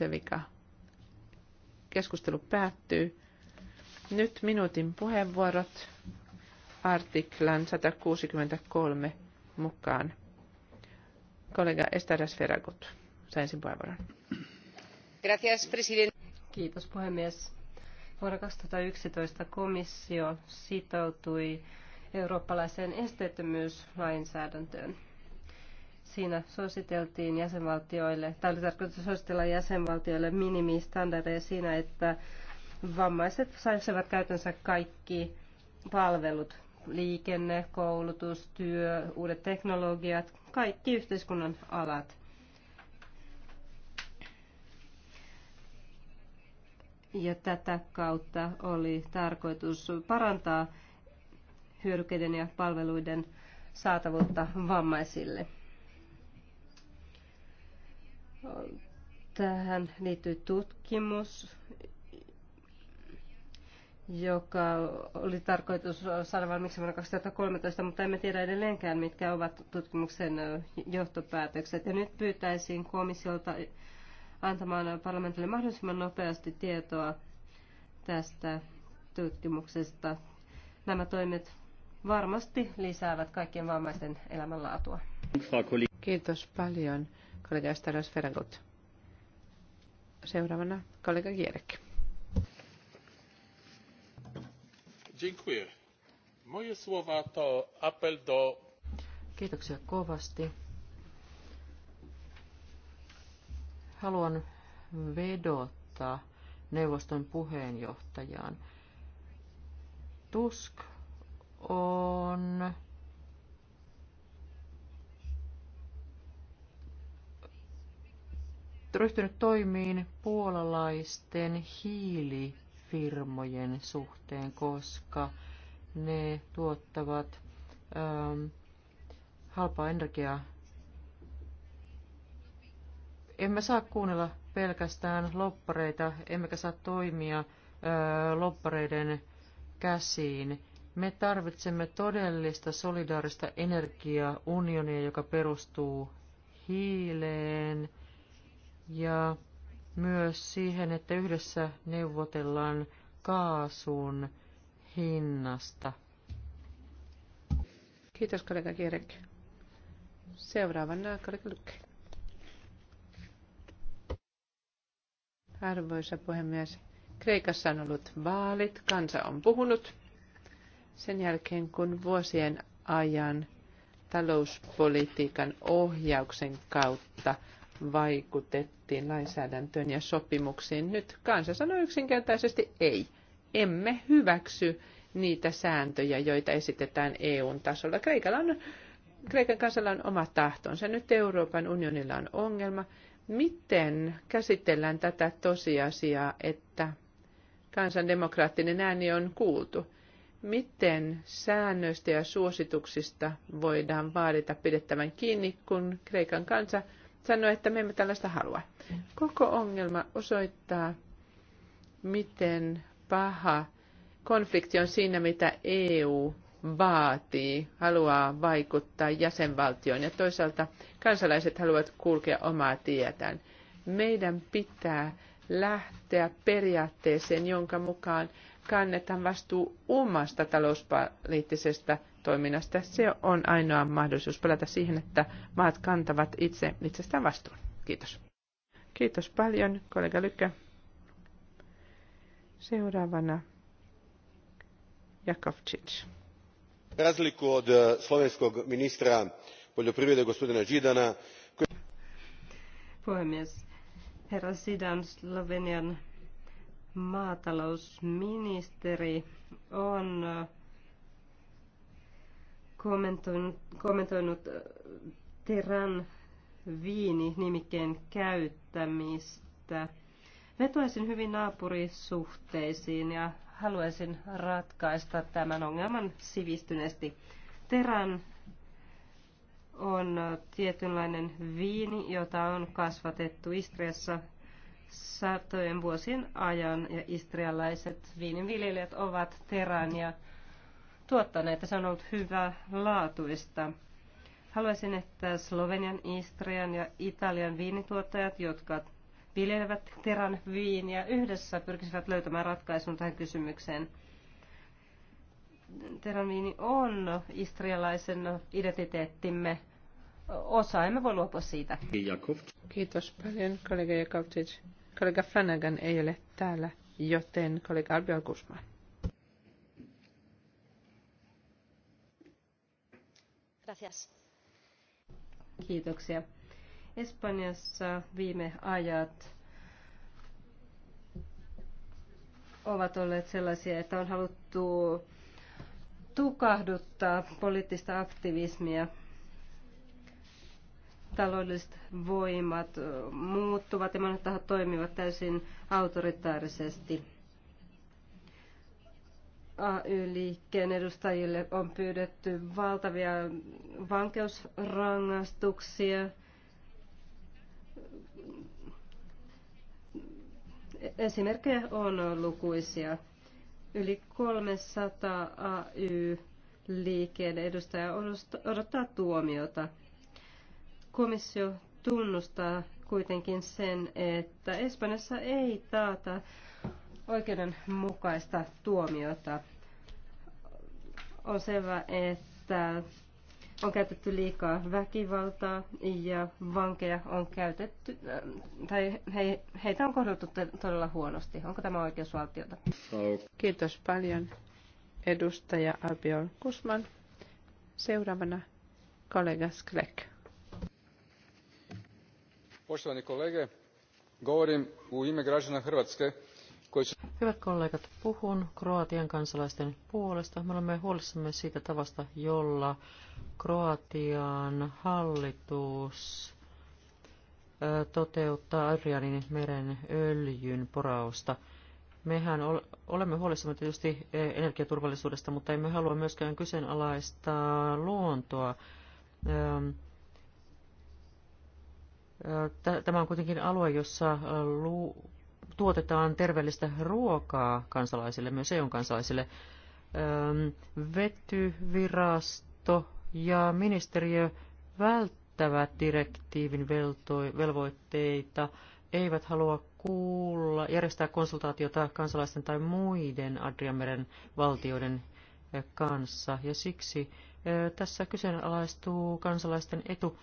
se vika. Keskustelu päättyy. Nyt minuutin puheenvuorot artiklan 163 mukaan. Kollega Estadas Feragut, sain puheenvuoron. Gracias, president. Kiitos puhemies. Vuonna 2011 komissio sitoutui eurooppalaiseen esteettömyyslainsäädäntöön. Siinä suositeltiin jäsenvaltioille, tai oli tarkoitus suositella jäsenvaltioille minimistandardeja siinä, että vammaiset saisivat käytännössä kaikki palvelut, liikenne, koulutus, työ, uudet teknologiat, kaikki yhteiskunnan alat. Ja tätä kautta oli tarkoitus parantaa hyödykkeiden ja palveluiden saatavuutta vammaisille. Tähän liittyy tutkimus, joka oli tarkoitus saada valmiiksi vuonna 2013, mutta emme tiedä edelleenkään, mitkä ovat tutkimuksen johtopäätökset. Ja nyt pyytäisin komissiolta antamaan parlamentille mahdollisimman nopeasti tietoa tästä tutkimuksesta. Nämä toimet varmasti lisäävät kaikkien vammaisten elämänlaatua. Kiitos paljon kollega Staros Feragut. Seuraavana kollega Gierek. Dziękuję. Moje słowa to apel do... Kiitoksia kovasti. Haluan vedota neuvoston puheenjohtajaan. Tusk on ryhtynyt toimiin puolalaisten hiilifirmojen suhteen, koska ne tuottavat ähm, halpaa energiaa. Emme saa kuunnella pelkästään loppareita, emmekä saa toimia äh, loppareiden käsiin. Me tarvitsemme todellista solidaarista energiaunionia, joka perustuu hiileen, ja myös siihen, että yhdessä neuvotellaan kaasun hinnasta. Kiitos kollega Kirek. Seuraavana kollega Lykke. Arvoisa puhemies, Kreikassa on ollut vaalit, kansa on puhunut. Sen jälkeen kun vuosien ajan talouspolitiikan ohjauksen kautta vaikutettiin lainsäädäntöön ja sopimuksiin. Nyt kansa sanoi yksinkertaisesti ei. Emme hyväksy niitä sääntöjä, joita esitetään EUn tasolla. Kreikalla on, Kreikan kansalla on oma tahtonsa. Nyt Euroopan unionilla on ongelma. Miten käsitellään tätä tosiasiaa, että kansandemokraattinen ääni on kuultu? Miten säännöistä ja suosituksista voidaan vaadita pidettävän kiinni, kun Kreikan kansa – sanoi, että me emme tällaista halua. Koko ongelma osoittaa, miten paha konflikti on siinä, mitä EU vaatii, haluaa vaikuttaa jäsenvaltioon ja toisaalta kansalaiset haluavat kulkea omaa tietään. Meidän pitää lähteä periaatteeseen, jonka mukaan kannetaan vastuu omasta talouspoliittisesta toiminnasta. Se on ainoa mahdollisuus palata siihen, että maat kantavat itse itsestään vastuun. Kiitos. Kiitos paljon, kollega Lykkä. Seuraavana Jakovčić. Razliku od e, slovenskog ministra poljoprivrede gospodina Židana. Puhemies, herra Sidan, Slovenian maatalousministeri, on e, kommentoinut, kommentoinut äh, teran viini-nimikkeen käyttämistä. Vetoisin hyvin naapurisuhteisiin ja haluaisin ratkaista tämän ongelman sivistyneesti. Teran on tietynlainen viini, jota on kasvatettu Istriassa satojen vuosien ajan ja istrialaiset viininviljelijät ovat teran ja tuottaneet ja se on ollut hyvää laatuista. Haluaisin, että Slovenian, Istrian ja Italian viinituottajat, jotka viljelevät teran viiniä, yhdessä pyrkisivät löytämään ratkaisun tähän kysymykseen. Teran viini on istrialaisen identiteettimme osa, emme voi luopua siitä. Kiitos paljon, kollega Jakovcic. Kollega Flanagan ei ole täällä, joten kollega Albion Kusman. Gracias. Kiitoksia. Espanjassa viime ajat ovat olleet sellaisia, että on haluttu tukahduttaa poliittista aktivismia. Taloudelliset voimat muuttuvat ja monet tahot toimivat täysin autoritaarisesti. AY-liikkeen edustajille on pyydetty valtavia vankeusrangaistuksia. Esimerkkejä on lukuisia. Yli 300 AY-liikkeen edustajaa odottaa tuomiota. Komissio tunnustaa kuitenkin sen, että Espanjassa ei taata oikeudenmukaista tuomiota. On selvä, että on käytetty liikaa väkivaltaa ja vankeja on käytetty, äh, tai he, heitä on kohdeltu todella huonosti. Onko tämä oikeusvaltiota? Kiitos paljon edustaja Albion Kusman. Seuraavana kollega Sklek. Poštovani kolege, govorim u ime građana Hrvatske Hyvät kollegat, puhun Kroatian kansalaisten puolesta. Me olemme huolissamme siitä tavasta, jolla Kroatian hallitus toteuttaa Adrianin meren öljyn porausta. Mehän olemme huolissamme tietysti e, energiaturvallisuudesta, mutta emme halua myöskään kyseenalaistaa luontoa. Tämä on kuitenkin alue, jossa tuotetaan terveellistä ruokaa kansalaisille, myös EU-kansalaisille. Vetyvirasto ja ministeriö välttävät direktiivin velvoitteita, eivät halua kuulla, järjestää konsultaatiota kansalaisten tai muiden Adriameren valtioiden kanssa, ja siksi tässä kyseenalaistuu kansalaisten etu.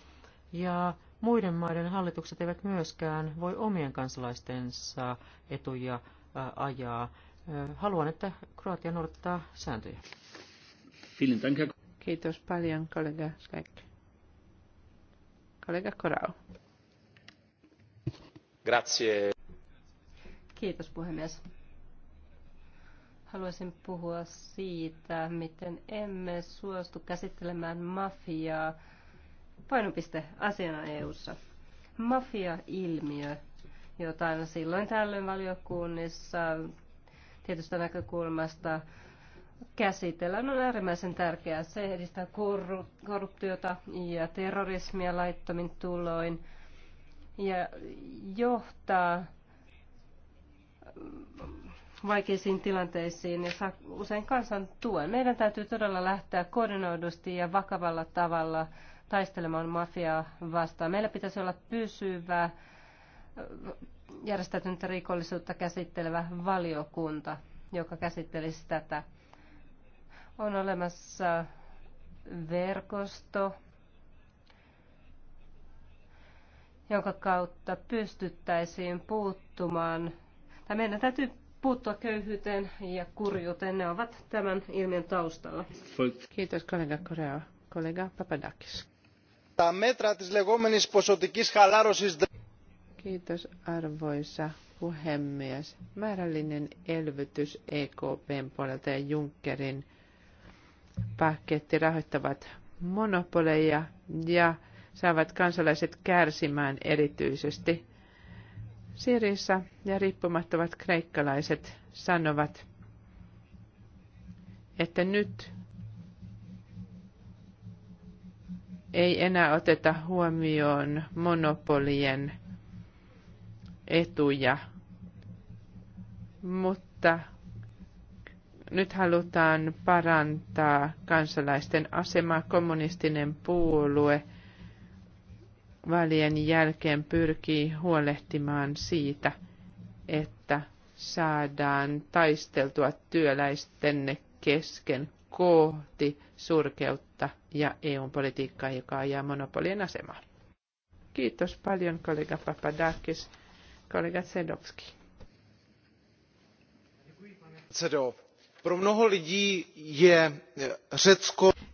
Ja Muiden maiden hallitukset eivät myöskään voi omien kansalaistensa etuja ajaa. Haluan, että Kroatia noudattaa sääntöjä. Kiitos paljon, kollega Skek. Kollega Korau. Grazie. Kiitos puhemies. Haluaisin puhua siitä, miten emme suostu käsittelemään mafiaa painopiste asiana EU-ssa. Mafia-ilmiö, jota aina silloin tällöin valiokunnissa tietystä näkökulmasta käsitellään, on äärimmäisen tärkeää. Se edistää korruptiota ja terrorismia laittomin tuloin ja johtaa vaikeisiin tilanteisiin ja saa usein kansan tuen. Meidän täytyy todella lähteä koordinoidusti ja vakavalla tavalla taistelemaan mafiaa vastaan. Meillä pitäisi olla pysyvä järjestäytynyttä rikollisuutta käsittelevä valiokunta, joka käsittelisi tätä. On olemassa verkosto, jonka kautta pystyttäisiin puuttumaan, tai meidän täytyy puuttua köyhyyteen ja kurjuuteen. Ne ovat tämän ilmiön taustalla. Kiitos kollega Korea. Kollega Papadakis τα μέτρα της λεγόμενης ποσοτικής χαλάρωσης... Kiitos arvoisa puhemies. Määrällinen elvytys EKPn puolelta ja Junckerin paketti rahoittavat monopoleja ja saavat kansalaiset kärsimään erityisesti. Sirissä ja riippumattomat kreikkalaiset sanovat, että nyt ei enää oteta huomioon monopolien etuja, mutta nyt halutaan parantaa kansalaisten asemaa. Kommunistinen puolue valien jälkeen pyrkii huolehtimaan siitä, että saadaan taisteltua työläisten kesken kohti surkeutta ja EUn politiikkaa, joka ajaa monopolien asemaa. Kiitos paljon kollega Papadakis, kollega Sedovski. Pro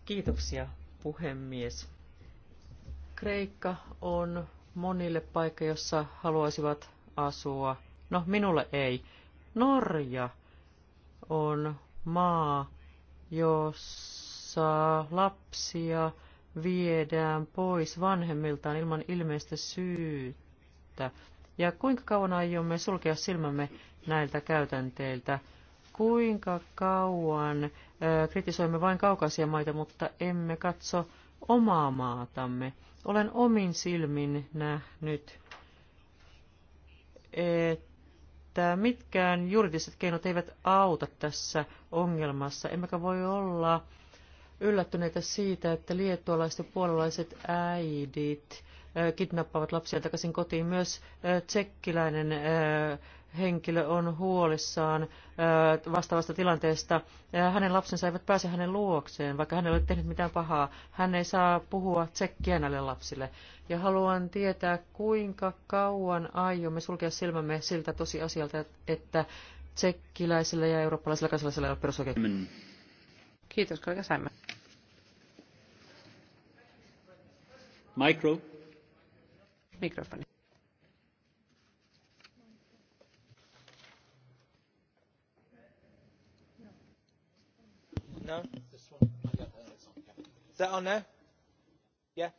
Kiitoksia, puhemies. Kreikka on monille paikka, jossa haluaisivat asua. No, minulle ei. Norja on maa, jossa osaa lapsia viedään pois vanhemmiltaan ilman ilmeistä syytä. Ja kuinka kauan aiomme sulkea silmämme näiltä käytänteiltä? Kuinka kauan ö, kritisoimme vain kaukaisia maita, mutta emme katso omaa maatamme? Olen omin silmin nähnyt, että mitkään juridiset keinot eivät auta tässä ongelmassa, emmekä voi olla yllättyneitä siitä, että liettualaiset ja puolalaiset äidit kidnappavat lapsia takaisin kotiin. Myös tsekkiläinen henkilö on huolissaan vastaavasta tilanteesta. Hänen lapsensa eivät pääse hänen luokseen, vaikka hän ei ole tehnyt mitään pahaa. Hän ei saa puhua tsekkiä näille lapsille. Ja haluan tietää, kuinka kauan aiomme sulkea silmämme siltä tosiasialta, että tsekkiläisillä ja eurooppalaisilla kansalaisilla ei ole perusoikeuksia. Kiitos, kollega Saimme. Micro. Mikrofoni. No? on Yeah.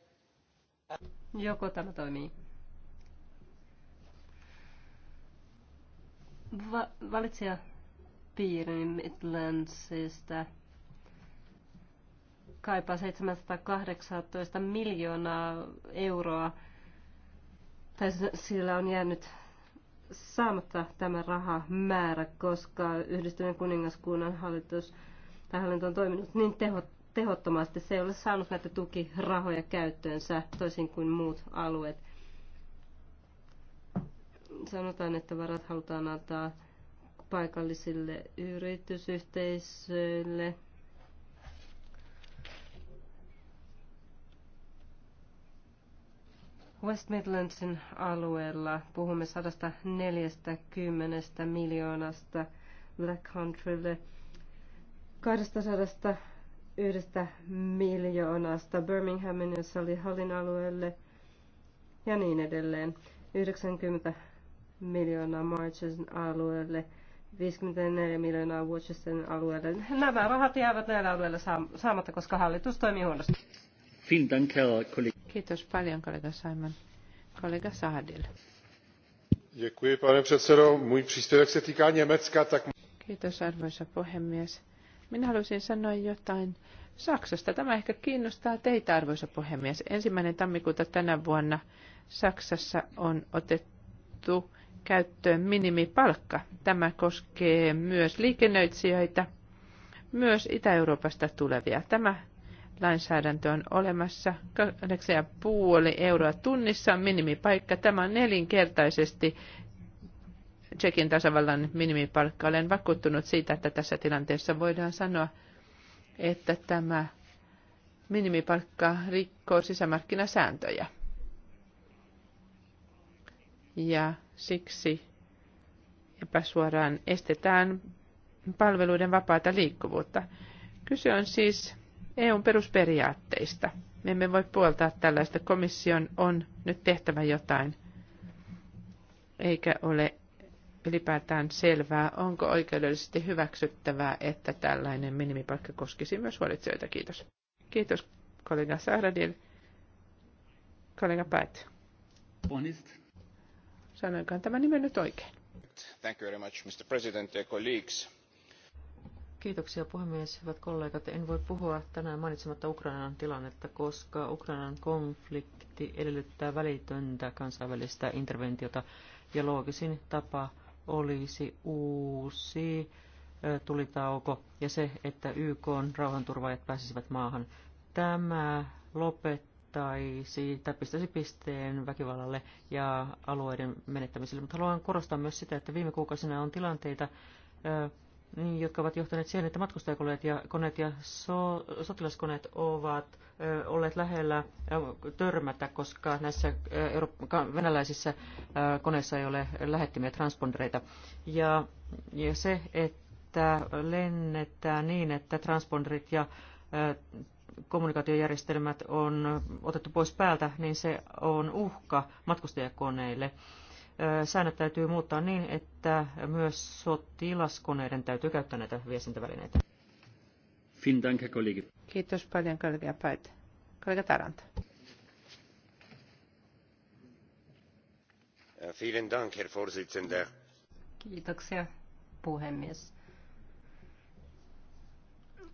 Joko tämä toimii. Va- valitsija Piirin Midlandsista kaipaa 718 miljoonaa euroa, tai sillä on jäänyt saamatta tämä rahamäärä, koska yhdistyneen kuningaskunnan hallitus tai hallinto on toiminut niin teho, tehottomasti. Se ei ole saanut näitä tukirahoja käyttöönsä toisin kuin muut alueet. Sanotaan, että varat halutaan antaa paikallisille yritysyhteisöille – West Midlandsin alueella puhumme 140 miljoonasta Black Countrylle, 201 miljoonasta Birminghamin ja Solihullin alueelle ja niin edelleen, 90 miljoonaa Marchesin alueelle, 54 miljoonaa Worcesterin alueelle. Nämä rahat jäävät näillä alueilla saamatta, koska hallitus toimii huonosti. Kiitos paljon kollega Simon. Kollega Sahadil. Děkuji, pane předsedo. Můj příspěvek se týká Německa, tak... Kiitos, arvoisa puhemies. Minä haluaisin sanoa jotain Saksasta. Tämä ehkä kiinnostaa teitä, arvoisa puhemies. Ensimmäinen tammikuuta tänä vuonna Saksassa on otettu käyttöön minimipalkka. Tämä koskee myös liikennöitsijöitä, myös Itä-Euroopasta tulevia. Tämä lainsäädäntö on olemassa. 8,5 euroa tunnissa on minimipaikka. Tämä on nelinkertaisesti Tsekin tasavallan minimipalkka. Olen vakuuttunut siitä, että tässä tilanteessa voidaan sanoa, että tämä minimipalkka rikkoo sisämarkkinasääntöjä. Ja siksi epäsuoraan estetään palveluiden vapaata liikkuvuutta. Kyse on siis EUn perusperiaatteista. Me emme voi puoltaa tällaista. Komission on nyt tehtävä jotain, eikä ole ylipäätään selvää, onko oikeudellisesti hyväksyttävää, että tällainen minimipalkka koskisi myös valitsijoita. Kiitos. Kiitos kollega Sahradil. Kollega Päät. Bonist. Sanoinkaan tämä nimen nyt oikein. Thank you very much, Mr. President, colleagues. Kiitoksia puhemies, hyvät kollegat. En voi puhua tänään mainitsematta Ukrainan tilannetta, koska Ukrainan konflikti edellyttää välitöntä kansainvälistä interventiota ja loogisin tapa olisi uusi tulitauko ja se, että YK on rauhanturvaajat pääsisivät maahan. Tämä lopettaisi tai pistäisi pisteen väkivallalle ja alueiden menettämiselle, mutta haluan korostaa myös sitä, että viime kuukausina on tilanteita, jotka ovat johtaneet siihen, että matkustajakoneet ja, koneet ja so, sotilaskoneet ovat ö, olleet lähellä ö, törmätä, koska näissä ö, venäläisissä ö, koneissa ei ole lähettimiä transpondereita. Ja, ja se, että lennetään niin, että transponderit ja ö, kommunikaatiojärjestelmät on otettu pois päältä, niin se on uhka matkustajakoneille säännöt täytyy muuttaa niin, että myös sotilaskoneiden täytyy käyttää näitä viestintävälineitä. Kiitos paljon kollega Päät. Kollega Taranta. Dank, Herr Kiitoksia, puhemies.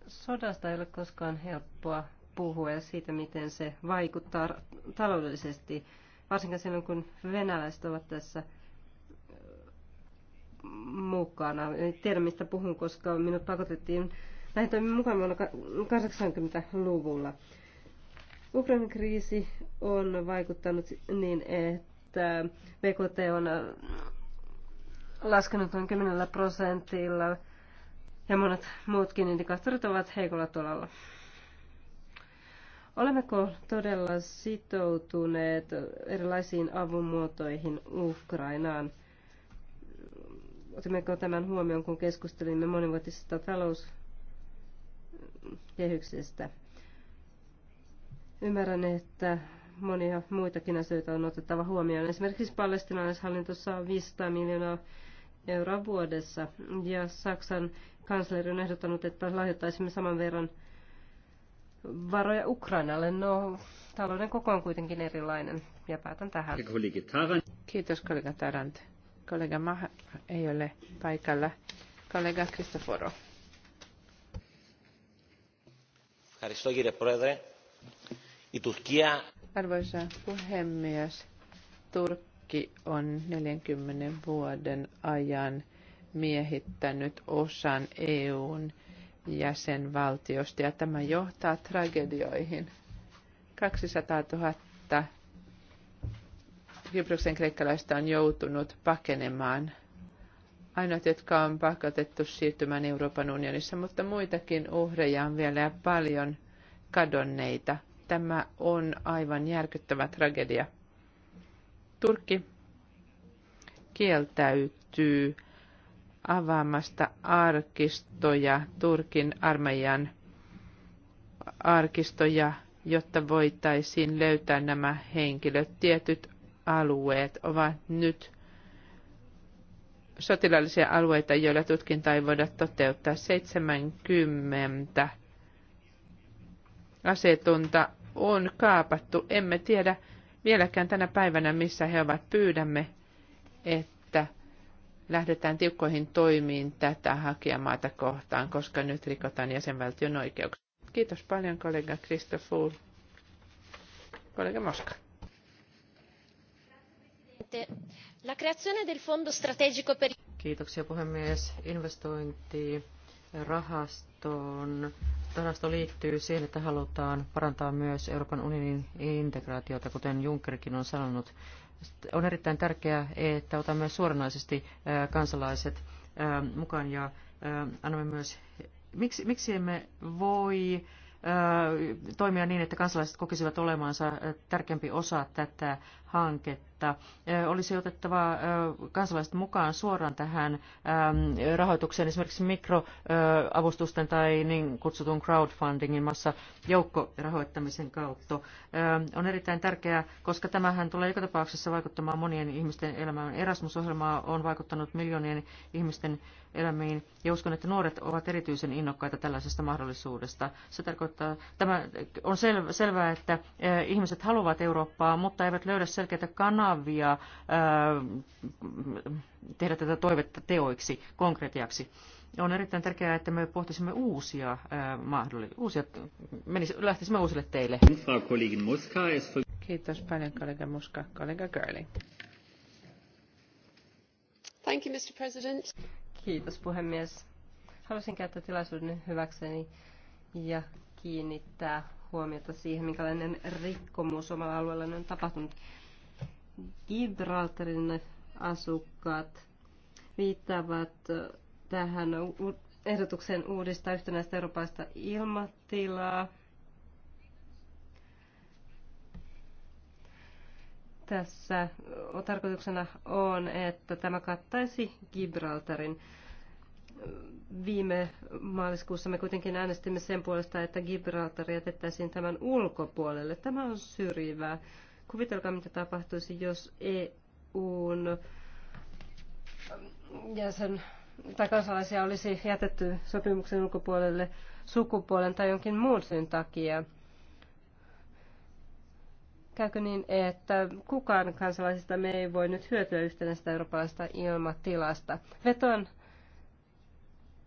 Sodasta ei ole koskaan helppoa puhua ja siitä, miten se vaikuttaa taloudellisesti varsinkin silloin kun venäläiset ovat tässä mukana. En tiedä mistä puhun, koska minut pakotettiin näihin toimiin mukaan vuonna 80-luvulla. Ukrainan kriisi on vaikuttanut niin, että BKT on laskenut noin 10 prosentilla ja monet muutkin indikaattorit ovat heikolla tolalla. Olemmeko todella sitoutuneet erilaisiin avunmuotoihin Ukrainaan? Otimmeko tämän huomioon, kun keskustelimme monivuotisesta talouskehyksestä? Ymmärrän, että monia muitakin asioita on otettava huomioon. Esimerkiksi palestinaishallinto saa 500 miljoonaa euroa vuodessa ja Saksan kansleri on ehdottanut, että lahjoittaisimme saman verran – varoja Ukrainalle. No, talouden koko on kuitenkin erilainen ja päätän tähän. Kiitos kollega Tarant. Kollega Maha ei ole paikalla. Kollega Kristoforo. Arvoisa puhemies, Turkki on 40 vuoden ajan miehittänyt osan EUn jäsenvaltiosta ja tämä johtaa tragedioihin. 200 000 Kyproksen kreikkalaista on joutunut pakenemaan. Ainoat, jotka on pakotettu siirtymään Euroopan unionissa, mutta muitakin uhreja on vielä paljon kadonneita. Tämä on aivan järkyttävä tragedia. Turkki kieltäytyy avaamasta arkistoja, Turkin armeijan arkistoja, jotta voitaisiin löytää nämä henkilöt. Tietyt alueet ovat nyt sotilaallisia alueita, joilla tutkinta ei voida toteuttaa. 70 asetunta on kaapattu. Emme tiedä vieläkään tänä päivänä, missä he ovat. Pyydämme, että lähdetään tiukkoihin toimiin tätä hakijamaata kohtaan, koska nyt rikotaan jäsenvaltion oikeuksia. Kiitos paljon kollega Christopher. Kollega Moska. La creazione del fondo strategico per... Kiitoksia puhemies. Investointi rahastoon. Rahasto liittyy siihen, että halutaan parantaa myös Euroopan unionin integraatiota, kuten Junckerkin on sanonut. On erittäin tärkeää, että otamme suoranaisesti kansalaiset mukaan ja annamme myös, miksi, miksi emme voi toimia niin, että kansalaiset kokisivat olemansa tärkeämpi osa tätä hanketta. Olisi otettava kansalaiset mukaan suoraan tähän rahoitukseen esimerkiksi mikroavustusten tai niin kutsutun crowdfundingin massa joukkorahoittamisen kautta. On erittäin tärkeää, koska tämähän tulee joka tapauksessa vaikuttamaan monien ihmisten elämään. Erasmus-ohjelma on vaikuttanut miljoonien ihmisten elämiin ja uskon, että nuoret ovat erityisen innokkaita tällaisesta mahdollisuudesta. Se tarkoittaa, tämä on selvää, että ihmiset haluavat Eurooppaa, mutta eivät löydä se selkeitä kanavia tehdä tätä toivetta teoiksi, konkretiaksi. On erittäin tärkeää, että me pohtisimme uusia mahdollisuuksia, lähtisimme uusille teille. Kiitos paljon kollega Muska, kollega Görling. Thank you, Mr. President. Kiitos puhemies. Haluaisin käyttää tilaisuuden hyväkseni ja kiinnittää huomiota siihen, minkälainen rikkomus omalla alueella on tapahtunut. Gibraltarin asukkaat viittaavat tähän ehdotukseen uudistaa yhtenäistä eurooppalaista ilmatilaa. Tässä tarkoituksena on, että tämä kattaisi Gibraltarin. Viime maaliskuussa me kuitenkin äänestimme sen puolesta, että Gibraltar jätettäisiin tämän ulkopuolelle. Tämä on syrjivää. Kuvitelkaa, mitä tapahtuisi, jos EUn jäsen tai kansalaisia olisi jätetty sopimuksen ulkopuolelle sukupuolen tai jonkin muun syyn takia. Käykö niin, että kukaan kansalaisista me ei voi nyt hyötyä yhtenäistä eurooppalaista ilmatilasta? Vetoan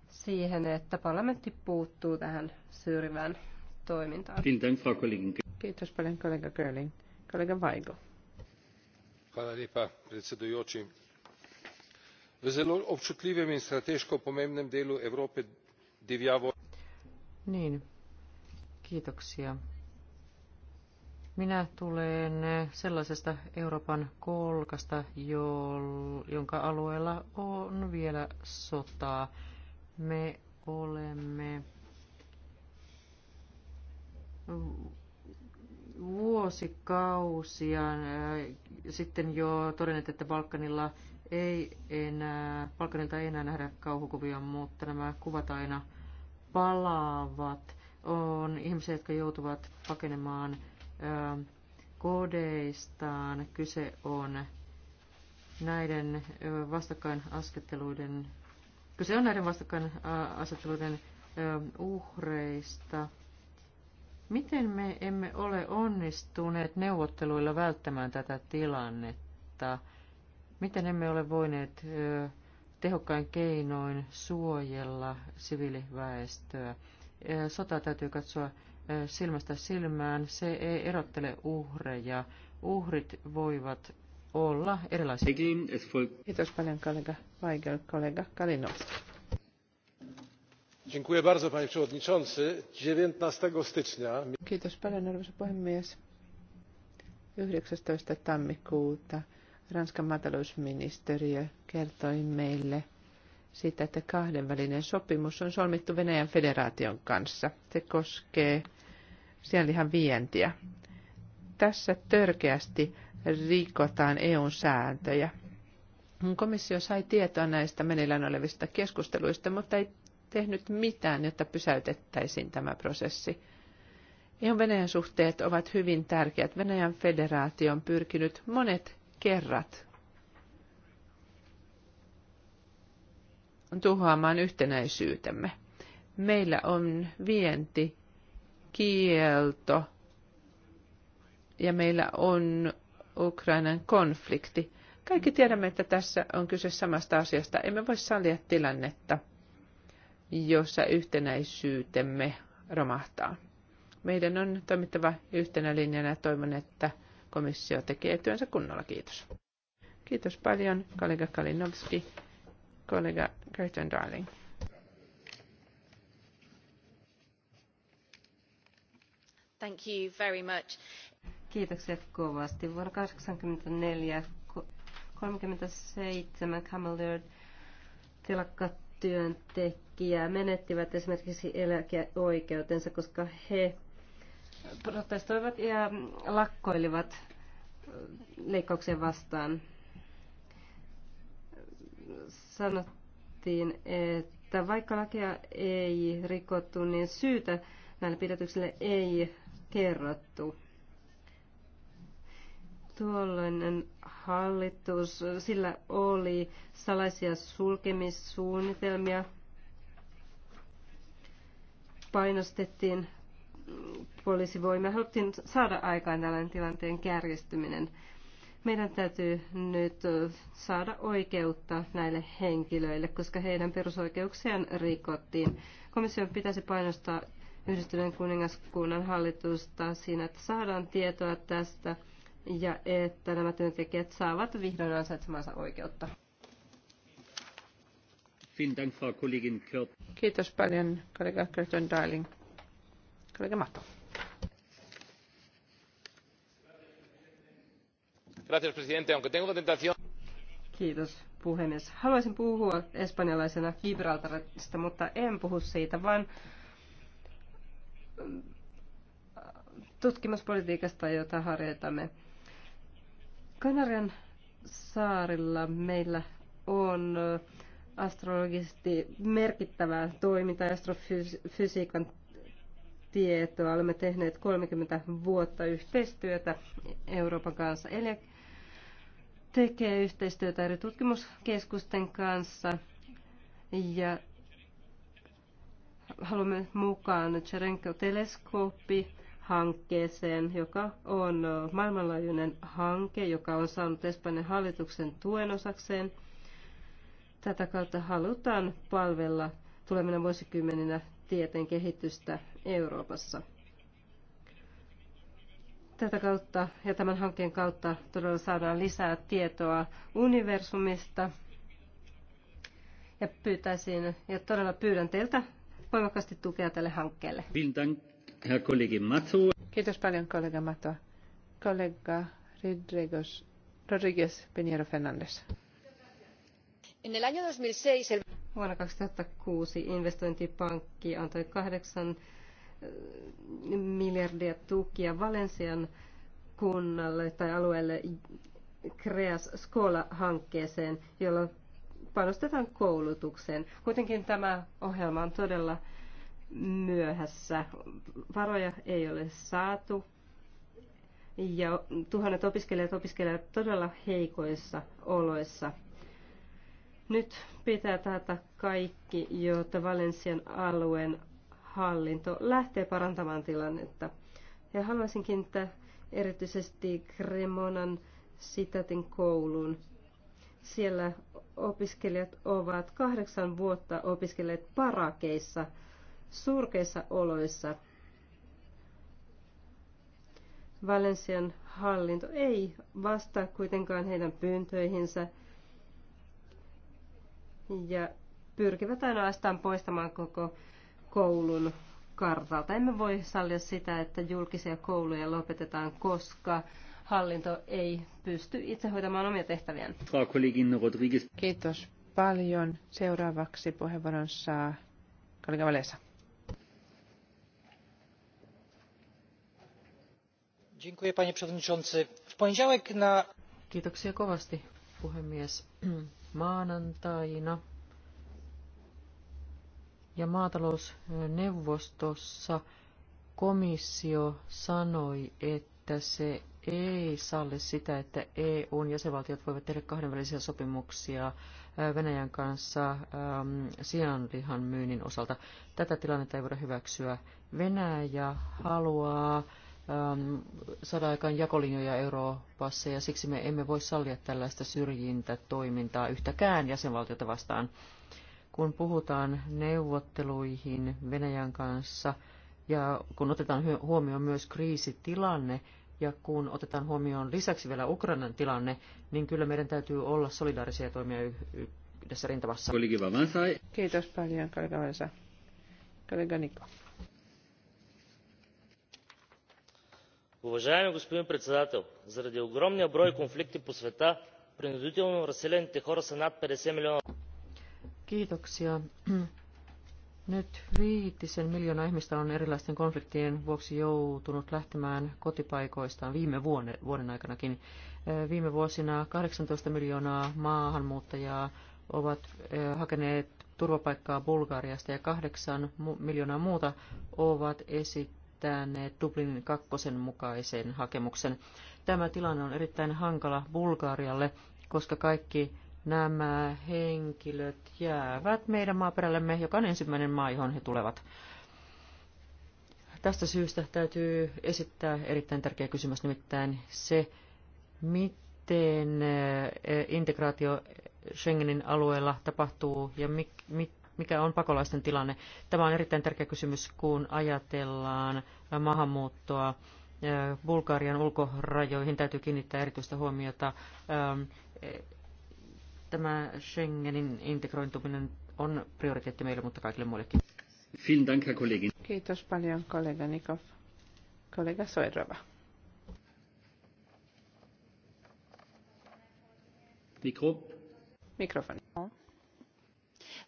siihen, että parlamentti puuttuu tähän syrjivään toimintaan. Kiitos paljon kollega Körling v zelo občutljivem in strateško pomembnem delu evrope divja niin, kiitoksia. Minä Euroopan kolkasta, jonka alueella on vielä Me olemme vuosikausia äh, sitten jo todennut, että Balkanilla ei enää, Balkanilta ei enää nähdä kauhukuvia, mutta nämä kuvat aina palaavat. On ihmisiä, jotka joutuvat pakenemaan ähm, kodeistaan. Kyse on näiden äh, vastakkainasetteluiden, kyse on näiden vastakkainasetteluiden äh, uhreista. Miten me emme ole onnistuneet neuvotteluilla välttämään tätä tilannetta? Miten emme ole voineet tehokkain keinoin suojella siviiliväestöä? Sota täytyy katsoa silmästä silmään. Se ei erottele uhreja. Uhrit voivat olla erilaisia. Kiitos paljon kollega Weigel, kollega Kalinowski panie przewodniczący! dziewiętnaście stycznia. arvoisa puhemies yhdeksästoista tammikuuta ranskan maatalousministeriö kertoi meille siitä että kahdenvälinen sopimus on solmittu venäjän federaation kanssa. se koskee sianlihan vientiä. tässä törkeästi rikotaan eun sääntöjä. komissio sai tietoa näistä meneillään olevista keskusteluista mutta ei tehnyt mitään, jotta pysäytettäisiin tämä prosessi. EUn Venäjän suhteet ovat hyvin tärkeät. Venäjän federaatio on pyrkinyt monet kerrat tuhoamaan yhtenäisyytemme. Meillä on vienti, kielto ja meillä on Ukrainan konflikti. Kaikki tiedämme, että tässä on kyse samasta asiasta. Emme voi sallia tilannetta – jossa yhtenäisyytemme romahtaa. Meidän on toimittava yhtenä linjana ja toivon, että komissio tekee työnsä kunnolla. Kiitos. Kiitos paljon, kollega Kalinowski, kollega Curtin Darling. Thank you very much. Kiitokset kovasti. Vuonna 1984 37 Camelier telakkatyöntekijä työntekijää menettivät esimerkiksi eläkeoikeutensa, koska he protestoivat ja lakkoilivat leikkauksia vastaan. Sanottiin, että vaikka lakia ei rikottu, niin syytä näille pidätyksille ei kerrottu. Tuolloinen hallitus, sillä oli salaisia sulkemissuunnitelmia painostettiin poliisivoimia. Haluttiin saada aikaan tällainen tilanteen kärjistyminen. Meidän täytyy nyt saada oikeutta näille henkilöille, koska heidän perusoikeuksiaan rikottiin. Komission pitäisi painostaa Yhdistyneen kuningaskunnan hallitusta siinä, että saadaan tietoa tästä ja että nämä työntekijät saavat vihdoin ansaitsemansa oikeutta. Kiitos paljon, kollega Curtin Darling. Kollega Mato. Kiitos puhemies. Haluaisin puhua espanjalaisena Gibraltarista, mutta en puhu siitä, vaan mm, tutkimuspolitiikasta, jota harjoitamme. Kanarian saarilla meillä on astrologisesti merkittävää toimintaa astrofysiikan tietoa. Olemme tehneet 30 vuotta yhteistyötä Euroopan kanssa. Eli tekee yhteistyötä eri tutkimuskeskusten kanssa ja haluamme mukaan Cherenko-teleskooppi hankkeeseen, joka on maailmanlaajuinen hanke, joka on saanut Espanjan hallituksen tuen osakseen – Tätä kautta halutaan palvella tulevina vuosikymmeninä tieteen kehitystä Euroopassa. Tätä kautta ja tämän hankkeen kautta todella saadaan lisää tietoa universumista. Ja pyytäisin, ja todella pyydän teiltä voimakkaasti tukea tälle hankkeelle. Kiitos paljon kollega Matoa. Kollega Rodriguez, Rodriguez Pinheiro Fernandes. Vuonna 2006 investointipankki antoi kahdeksan eh, miljardia tukia Valensian kunnalle tai alueelle Creas Scola-hankkeeseen, jolla panostetaan koulutukseen. Kuitenkin tämä ohjelma on todella myöhässä. Varoja ei ole saatu ja tuhannet opiskelijat opiskelevat todella heikoissa oloissa – nyt pitää taata kaikki, jotta Valensian alueen hallinto lähtee parantamaan tilannetta. Ja haluaisin kiinnittää erityisesti Cremonan Sitatin kouluun. Siellä opiskelijat ovat kahdeksan vuotta opiskelleet parakeissa, surkeissa oloissa. Valensian hallinto ei vastaa kuitenkaan heidän pyyntöihinsä – ja pyrkivät ainoastaan poistamaan koko koulun kartalta. Emme voi sallia sitä, että julkisia kouluja lopetetaan, koska hallinto ei pysty itse hoitamaan omia tehtäviään. Kiitos paljon. Seuraavaksi puheenvuoron saa kollega Valesa. Dziękuję panie przewodniczący. W poniedziałek na... Kiitoksia kovasti, puhemies maanantaina. Ja maatalousneuvostossa komissio sanoi, että se ei salli sitä, että EUn jäsenvaltiot voivat tehdä kahdenvälisiä sopimuksia äh, Venäjän kanssa ähm, sianlihan myynnin osalta. Tätä tilannetta ei voida hyväksyä. Venäjä haluaa Ähm, saada aikaan jakolinjoja Euroopassa ja siksi me emme voi sallia tällaista syrjintätoimintaa yhtäkään jäsenvaltiota vastaan. Kun puhutaan neuvotteluihin Venäjän kanssa ja kun otetaan huomioon myös kriisitilanne ja kun otetaan huomioon lisäksi vielä Ukrainan tilanne, niin kyllä meidän täytyy olla solidaarisia toimia yhdessä rintamassa. Kiitos paljon, kollega Vansa. Niko. уважаеми господин председател заради огромния брой конфликти по света принудително разселените хора са над 50 милиона. Kiitoksia. Nyt viitisen miljoonaa ihmistä on erilaisten konfliktien vuoksi joutunut lähtemään kotipaikoistaan viime vuonna, vuoden aikanakin. Viime vuosina 18 miljoonaa maahanmuuttajaa ovat hakeneet turvapaikkaa Bulgariasta ja 8 miljoonaa muuta ovat esittäneet jättäneet Dublinin kakkosen mukaisen hakemuksen. Tämä tilanne on erittäin hankala Bulgarialle, koska kaikki nämä henkilöt jäävät meidän maaperällemme, joka on ensimmäinen maa, johon he tulevat. Tästä syystä täytyy esittää erittäin tärkeä kysymys, nimittäin se, miten eh, integraatio Schengenin alueella tapahtuu ja mi, mi, mikä on pakolaisten tilanne. Tämä on erittäin tärkeä kysymys, kun ajatellaan maahanmuuttoa. Bulgarian ulkorajoihin täytyy kiinnittää erityistä huomiota. E, tämä Schengenin integrointuminen on prioriteetti meille, mutta kaikille muillekin. Kiitos paljon kollega Nikov. Kollega Soirova. Mikro. Mikrofoni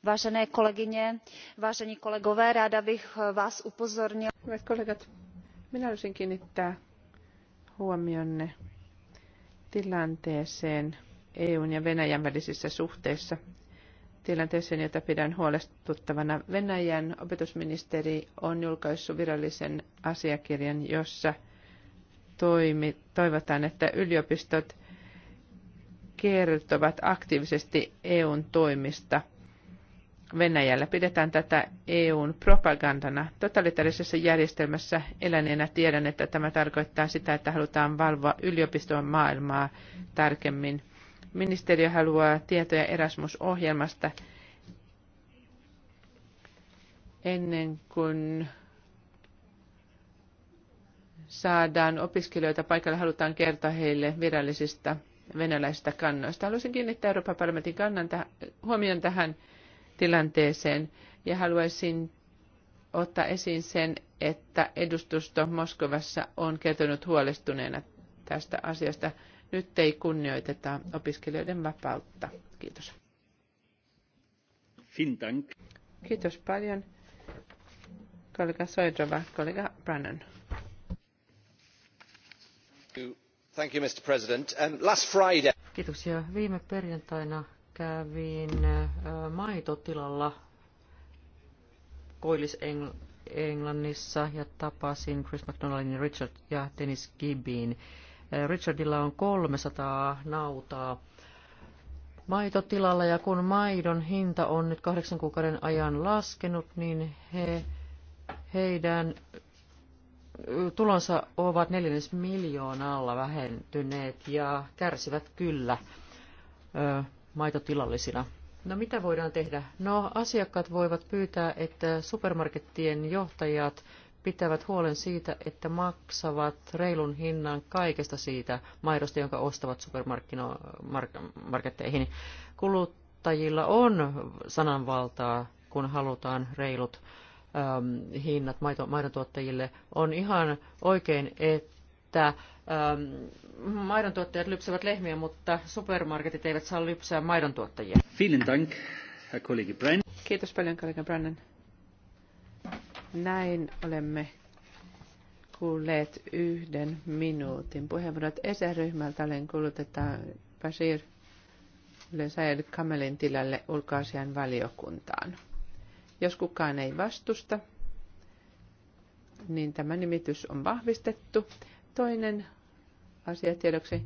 vážené kolegyně vážení kolegové ráda bych vás upozornila Hyvät kollegat, minä haluaisin kiinnittää huomionne tilanteeseen EUn ja Venäjän välisissä suhteissa. Tilanteeseen, jota pidän huolestuttavana. Venäjän opetusministeri on julkaissut virallisen asiakirjan, jossa toimi, toivotaan, että yliopistot kertovat aktiivisesti EUn toimista – Venäjällä. Pidetään tätä EUn propagandana. Totalitarisessa järjestelmässä eläneenä tiedän, että tämä tarkoittaa sitä, että halutaan valvoa yliopiston maailmaa tarkemmin. Ministeriö haluaa tietoja Erasmus-ohjelmasta ennen kuin saadaan opiskelijoita paikalle, halutaan kertoa heille virallisista venäläisistä kannoista. Haluaisin kiinnittää Euroopan parlamentin kannan tähän huomion tähän tilanteeseen ja haluaisin ottaa esiin sen, että edustusto Moskovassa on kertonut huolestuneena tästä asiasta. Nyt ei kunnioiteta opiskelijoiden vapautta. Kiitos. Kiitos paljon. Kollega Soidrova, kollega Brannan. Thank you, Mr. President. Um, last Friday... Kiitoksia. Viime perjantaina kävin maitotilalla Koillis-Englannissa ja tapasin Chris McDonaldin, Richard ja Dennis Gibbin. Richardilla on 300 nautaa maitotilalla ja kun maidon hinta on nyt kahdeksan kuukauden ajan laskenut, niin he, heidän tulonsa ovat neljännes miljoonalla vähentyneet ja kärsivät kyllä maitotilallisina. No mitä voidaan tehdä? No asiakkaat voivat pyytää, että supermarkettien johtajat pitävät huolen siitä, että maksavat reilun hinnan kaikesta siitä maidosta, jonka ostavat supermarketteihin. Kuluttajilla on sananvaltaa, kun halutaan reilut ähm, hinnat maidon tuottajille. On ihan oikein, että että ähm, maidon tuottajat lypsävät lehmiä, mutta supermarketit eivät saa lypsää maidon tuottajia. Vielen dank, Herr Kiitos paljon, kollega Brennan. Näin olemme kuulleet yhden minuutin puheenvuorot ESE-ryhmältä. Olen kuullut, että Basir Said Kamelin tilalle ulkoasian valiokuntaan. Jos kukaan ei vastusta, niin tämä nimitys on vahvistettu. Toinen asia tiedoksi